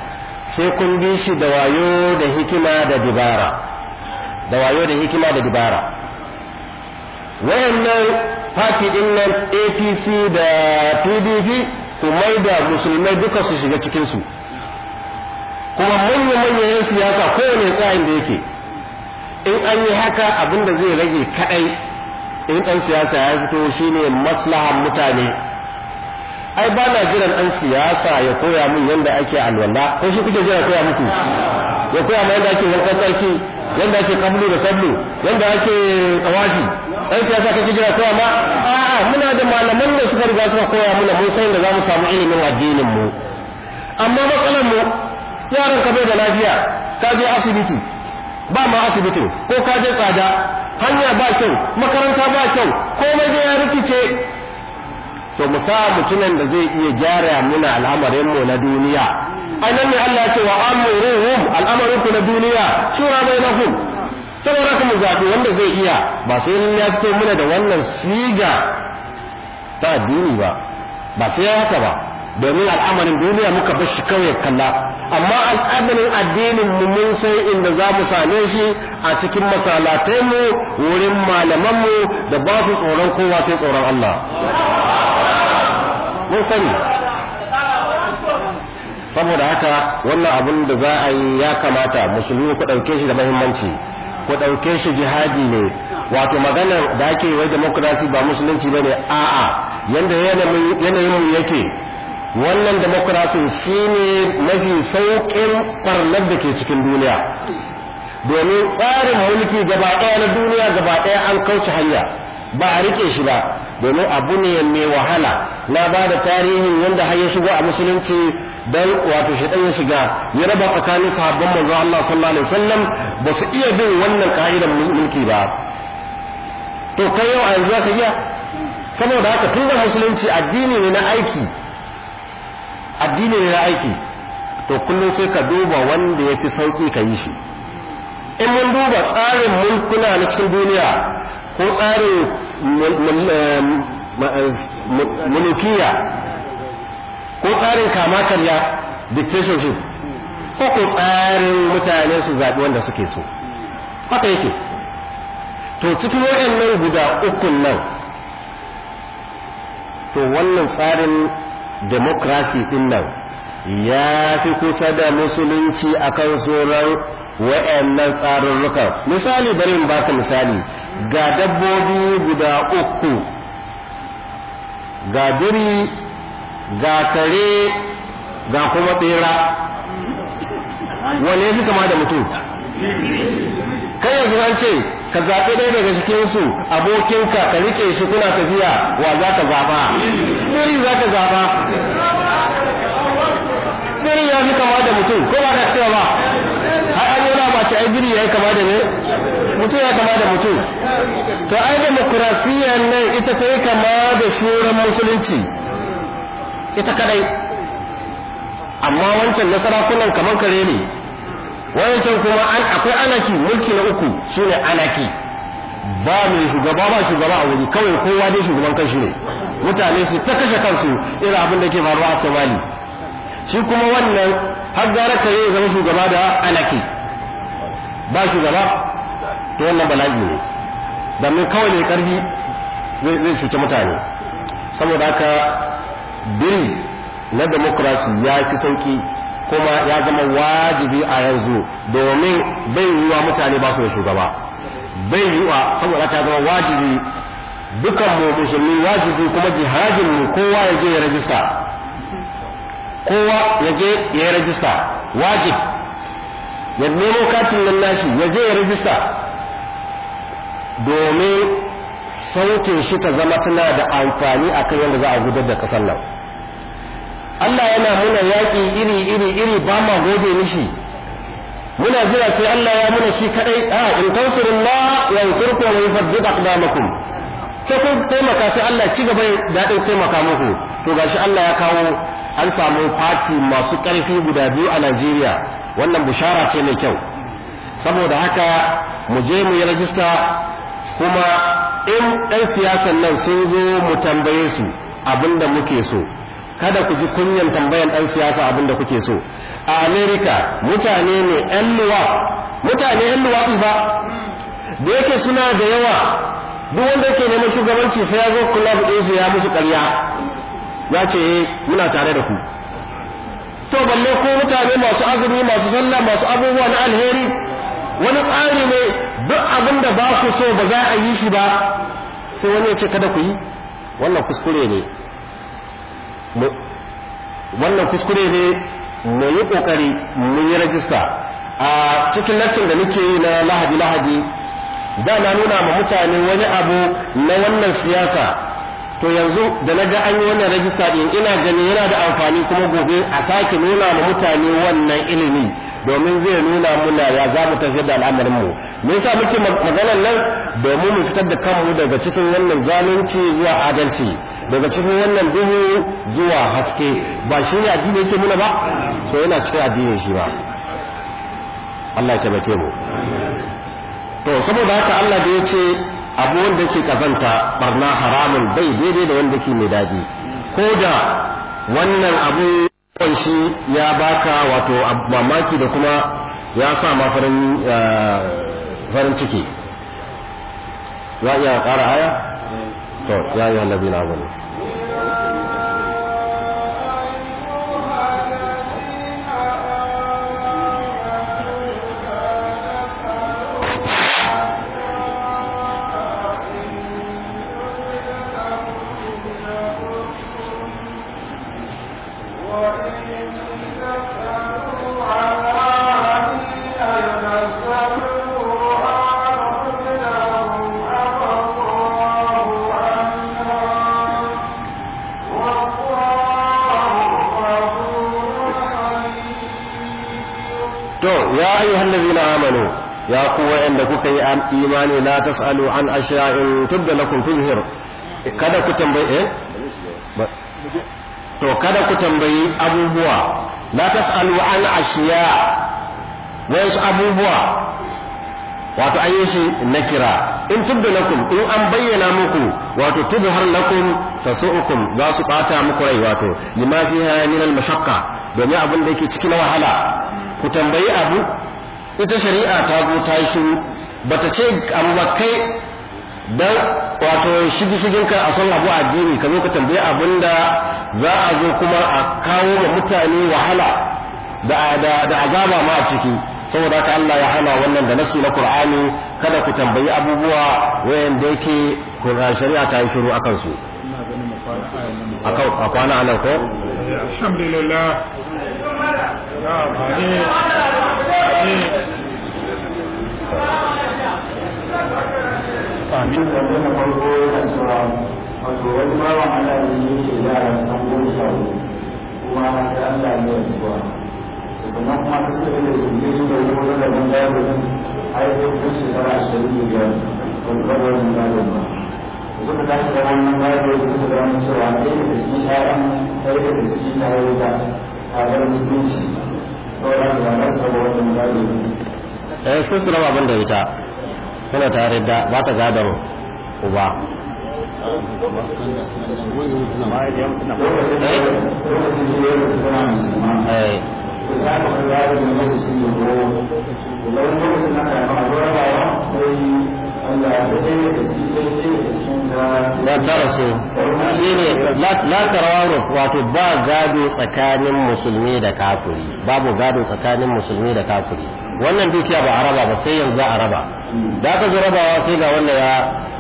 Speaker 1: sai kun bi shi da wayo da hikima da dibara da wayo da hikima da dibara wayannan fati din nan APC da PDP ku mai da musulmai duka su shiga cikin su kuma manya manyan yan siyasa kowane tsayin da yake in an yi haka abin da zai rage kadai in ɗan siyasa ya fito shine maslahan mutane ai ba na jiran ɗan siyasa ya koya min yadda ake alwala ko shi kuke jira koya
Speaker 2: muku ya koya min yadda ake wankan tsarki yadda ake kamulu da sallu yadda ake tsawafi ɗan siyasa kake jira koya ma a'a muna da malaman da suka riga suka koya mana mun san da za mu samu
Speaker 1: ilimin addinin mu amma matsalar mu yaran ka bai da lafiya ka je asibiti ba ma asibitin ko ka je tsada hanya ba kyau makaranta ba kyau komai dai ya rikice to mu sa mutumin da zai iya gyara muna al'amarin na duniya ainihin ne Allah ya ce wa amuruhum al'amarin ku na duniya shura bainakum saboda kuma zabi wanda zai iya ba sai ya fito muna da wannan siga ta addini ba ba sai ya haka ba domin al'amarin duniya muka bar shi kawai kalla amma al'amarin addinin mu mun sai inda za mu same shi a cikin masalatai mu wurin malamanmu da ba su tsoron kowa sai tsoron Allah
Speaker 2: mun sani saboda haka
Speaker 1: wannan abin da za a yi ya kamata musulmi ku ɗauke shi da mahimmanci ku ɗauke shi jihadi ne wato maganar da ake wai demokrasi ba musulunci ba ne a'a yadda yanayinmu yake wannan demokrasi shi ne mafi sauƙin ɓarnar da ke cikin duniya domin tsarin mulki gaba ɗaya na duniya gaba ɗaya an kauce hanya ba a riƙe shi ba domin abu ne mai wahala na ba da tarihin yadda har ya shigo a musulunci don wato shaitan ya shiga ya raba tsakanin sahabban manzo Allah sallallahu alaihi wasallam ba su iya bin wannan ka'idar mulki ba to kai yau a yanzu ka iya saboda haka tunda musulunci addini ne na aiki addini ne na aiki to kullum sai ka duba wanda ya fi sauki ka yi shi in mun duba tsarin mulkuna na cikin duniya ko tsarin Eh, eh, mulukiya ko tsarin kama karya dictatorship ko ko tsarin mutane su zaɓi wanda suke so haka yake to cikin nan guda ukun nan to wannan tsarin demokrasi din nan ya fi kusa da musulunci akan tsoron wa'annan tsarurrukan misali bari in baka misali ga dabbobi guda uku ga biri ga kare ga kuma tsira
Speaker 2: wane fi kama da mutum
Speaker 1: kai yanzu an ce ka zaɓi ɗaya daga cikinsu abokinka ka rike shi kuna tafiya wa za ka zaɓa biri za ka zaɓa
Speaker 2: biri ya fi kama da mutum ko ba ka cewa ba ce ai gini ya yi kama da ne mutum ya kama da mutum to ai demokrasiyya nan ita ta yi kama da shuran musulunci ita kadai
Speaker 1: amma wancan na sarakunan kamar kare ne wancan kuma an akwai anaki mulki na uku shine anaki ba mai shugaba ba shugaba a wuri kawai kowa dai shugaban kan shi ne mutane su ta kashe kansu irin abin da ke faruwa a somali shi kuma wannan har gara kare ya zama shugaba da anaki ba shugaba to wannan bala'i ne domin kawai ne karfi zai cuta mutane saboda haka biri na demokrasi ya fi sauki kuma ya zama wajibi a yanzu domin bai yiwuwa mutane ba su da shugaba bai yiwuwa saboda haka zama wajibi dukan mu musulmi wajibi kuma jihadin mu kowa ya je ya rajista kowa ya je ya rajista wajib ya nemo katin nan nashi ya je ya rijista domin sautin shi ta zama tana da amfani a kan yadda za a gudar da kasar nan
Speaker 2: Allah yana muna yaƙi
Speaker 1: iri iri iri ba ma gode mishi muna jira sai Allah ya muna shi kadai a in tansurullah yansurku wa yusabbit aqdamakum sai kun taimaka sai Allah ci gaba daɗin taimaka muku to gashi Allah ya kawo an samu fati masu ƙarfi guda biyu a Najeriya wannan bushara ce mai kyau saboda haka mu je mu yi rajista kuma in ɗan siyasan nan sun zo mu tambaye su abin da muke so kada ku ji kunyan tambayan ɗan siyasa abin da kuke so a amerika mutane ne 'yan luwa mutane 'yan su ba da yake suna da yawa duk wanda yake neman shugabanci sai ya zo kula su ya musu ƙarya ya ce eh, muna tare da ku to balle ko mutane masu azumi masu sallah masu abubuwa na alheri wani tsari ne duk abin da ba ku so ba za a yi shi ba sai wani ya ce kada ku yi wannan kuskure ne wannan kuskure ne mu yi kokari mu yi rajista a cikin laccin da muke yi na lahadi lahadi da na nuna ma mutane wani abu na wannan siyasa to yanzu da na ga an yi wannan rajista din ina gani yana da amfani kuma gobe a sake nuna ma mutane wannan ilimi domin zai nuna muna ya za mu tafi da al'amarin mu me yasa muke maganar nan domin mu fitar da kanmu daga cikin wannan zalunci zuwa adalci daga cikin wannan duhu zuwa haske ba shi ne addini yake muna ba To yana cikin addinin shi ba Allah ya tabbake mu to saboda haka Allah da ya ce abu wanda ke kazanta barna haramun bai daidai da wanda ke mai daɗi ko da wannan abu kwanci ya baka wato mamaki da kuma ya sa ma farin eh, ciki za iya ƙara aya? to ya yi na abu ne عن إيماني لا تسألوا عن أشياء تبدأ لكم تظهر kada ku tambayi eh? to kada ku tambayi abubuwa la tasalu an ashiya wasu abubuwa wato an yi shi na kira in tubda lakum in an bayyana muku wato tubhar lakum tasu'ukum za su bata muku rai wato lima fiha min al mashaqqa domin abin da yake cikin wahala
Speaker 2: ku tambayi abu
Speaker 1: ita shari'a ta zo ta shiru bata ce amma kai wato shigi shigin ka a san abu addini ka zo ka tambayi abin da za a zo kuma a kawo wa mutane wahala da azaba ma a ciki saboda ka Allah ya hana wannan da nasi na Qur'ani kada ku tambayi abubuwa wayanda yake Qur'an shari'a ta yi shiru akan su
Speaker 3: a kwana ko alhamdulillah kafin wanda na farko yana cewa wato wani bawan ana yi ne yara yaran ɗan goma sha kuma da Allah ne ya zuwa sannan kuma ta sai da yi da wani da ban gado ne har yi ta shekara ashirin da biyar ba su zaba wani gado ba suka tashi da wannan gado suka da wani cewa ɗaya da suke sha'an ɗaya da suke tare da tagar musulunci sauran da ba su zaba wani gado ne.
Speaker 1: Eh, sai su raba abin da ita kuma ta yarda ba ta gadar
Speaker 3: uba da eh. darasu shi ne latarawar wato
Speaker 1: ba gado tsakanin musulmi da kafuri babu gado tsakanin musulmi da kafuri wannan dukiya ba a raba ba sai yanzu a raba da ka zo rabawa sai ga wanda ya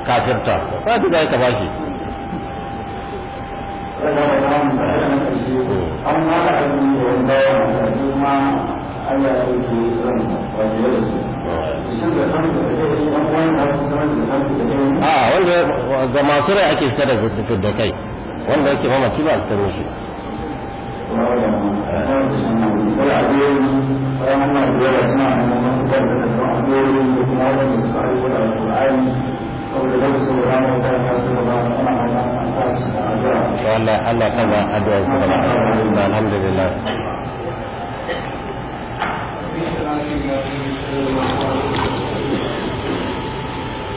Speaker 1: kafirta ba duk da ka bashi a wanda ga masu rai ake fitar da da kai wanda yake mamaci ba a fitar
Speaker 2: shi
Speaker 3: والعزيز ومحمد والأسماء ومن قبل الرحمن والمعلم والإسرائيل والعلم Allah Allah kaza
Speaker 2: addu'a su gaba da alhamdulillah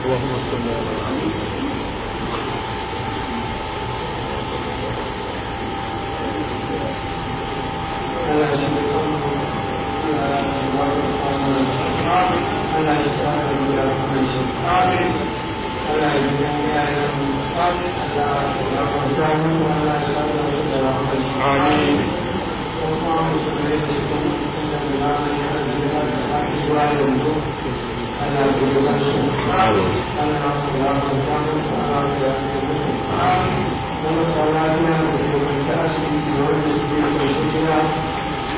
Speaker 2: اللهم صل على محمد
Speaker 3: Thank you. Allah ya tsara da mu da rahmanin amin Allah ya yi ya yi amin Allah ya kwanta mu Allah ya tsara da mu da rahmanin amin kuma mu tsare da kuma da da da da da على قلوبهم أنا خلاق الجنة وأراد أنفسهم ومن صلاتنا ومن تأسي في وجه في وجهنا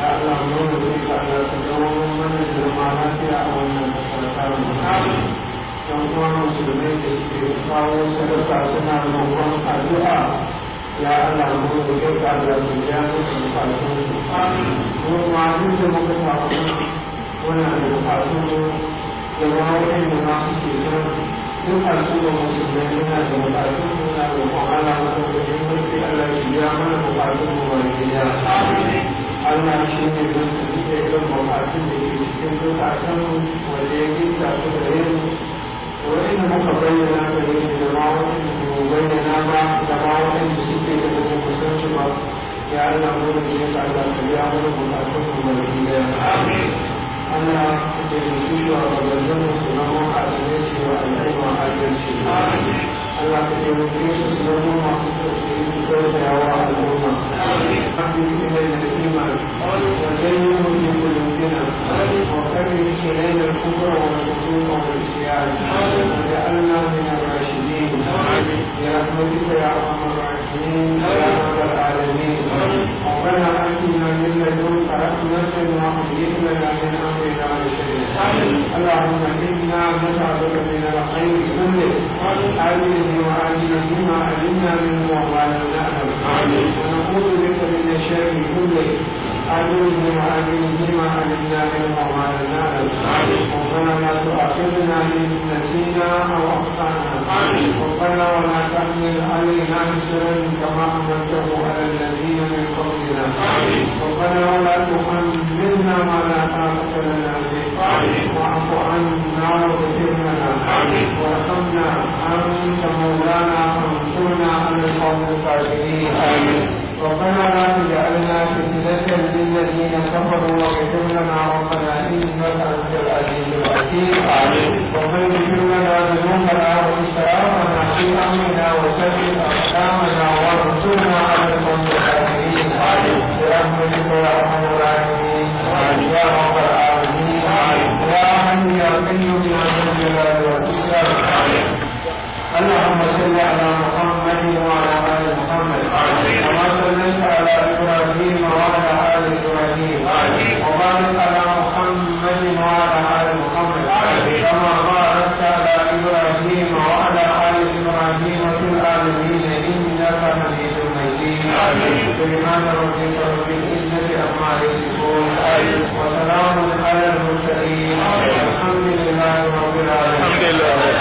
Speaker 3: yan kuma musulmai da suke kawo sadaka suna roƙon addu'a ya Allah mu da kai ka da mu ya musu bukatun su mu ma duk da muka samu wannan bukatun da ma wa'in da ma suke son duk al'umma musulmai muna da bukatun mu na roƙon Allah mu da kai Allah ya mana bukatun mu wani gida wannan shi ne dukkan bukatun da ke cikin wanda ya su da yin muka bayyana da yin da ma mu bayyana ba da ma suke da da mu san su ba ya Allah mu da Allah ya mu da bukatun mu da أنا كثير وبلغه سلامه على بيتي وأبائي وعائلتي أنا كثير سلامه وحفظه زوجها وأهلهما أحبك إلينا الإيمان وزينه من قلوبنا وفرج إلينا الكفر والفسوق والعصيان وجعلنا من الراشدين برحمتك يا أرحم الراحمين يا رب العالمين ربنا آتنا من لدنك رحمة وهيئ اللهم انا نسعدك من الخير كله علمه وعلم بما علمنا منه وعلم نعلم ونعوذ بك من الشر كله علمه وعلم بما علمنا منه وعلم نعلم ربنا لا تؤاخذنا ان نسينا او اخطانا ربنا ولا تحمل علينا اسرا كما حملته على الذين من قبلنا ربنا ولا تحملنا ما لا طاقه لنا به واعف عنا واغفر لنا وارحمنا انت مولانا وانصرنا على القوم الكافرين ربنا لا تجعلنا فتنة للذين كفروا واغفر لنا ربنا انك انت العزيز الحكيم ربنا اغفر لنا ذنوبنا واسرافنا في امرنا وثبت اقدامنا وانصرنا على القوم الكافرين برحمتك يا ارحم الراحمين يا رب العالمين اللهم يا قيوم يا ذا اللهم صل على محمد وعلى ال محمد كما صليت على ابراهيم وعلى ال ابراهيم وبارك على محمد وعلى ال محمد كما باركت على ابراهيم وعلى ال ابراهيم في العالمين انك حميد مجيد سبحان ربك رب العزه عما يصفون وسلام على المرسلين
Speaker 2: المرسلين الحمد لله رب العالمين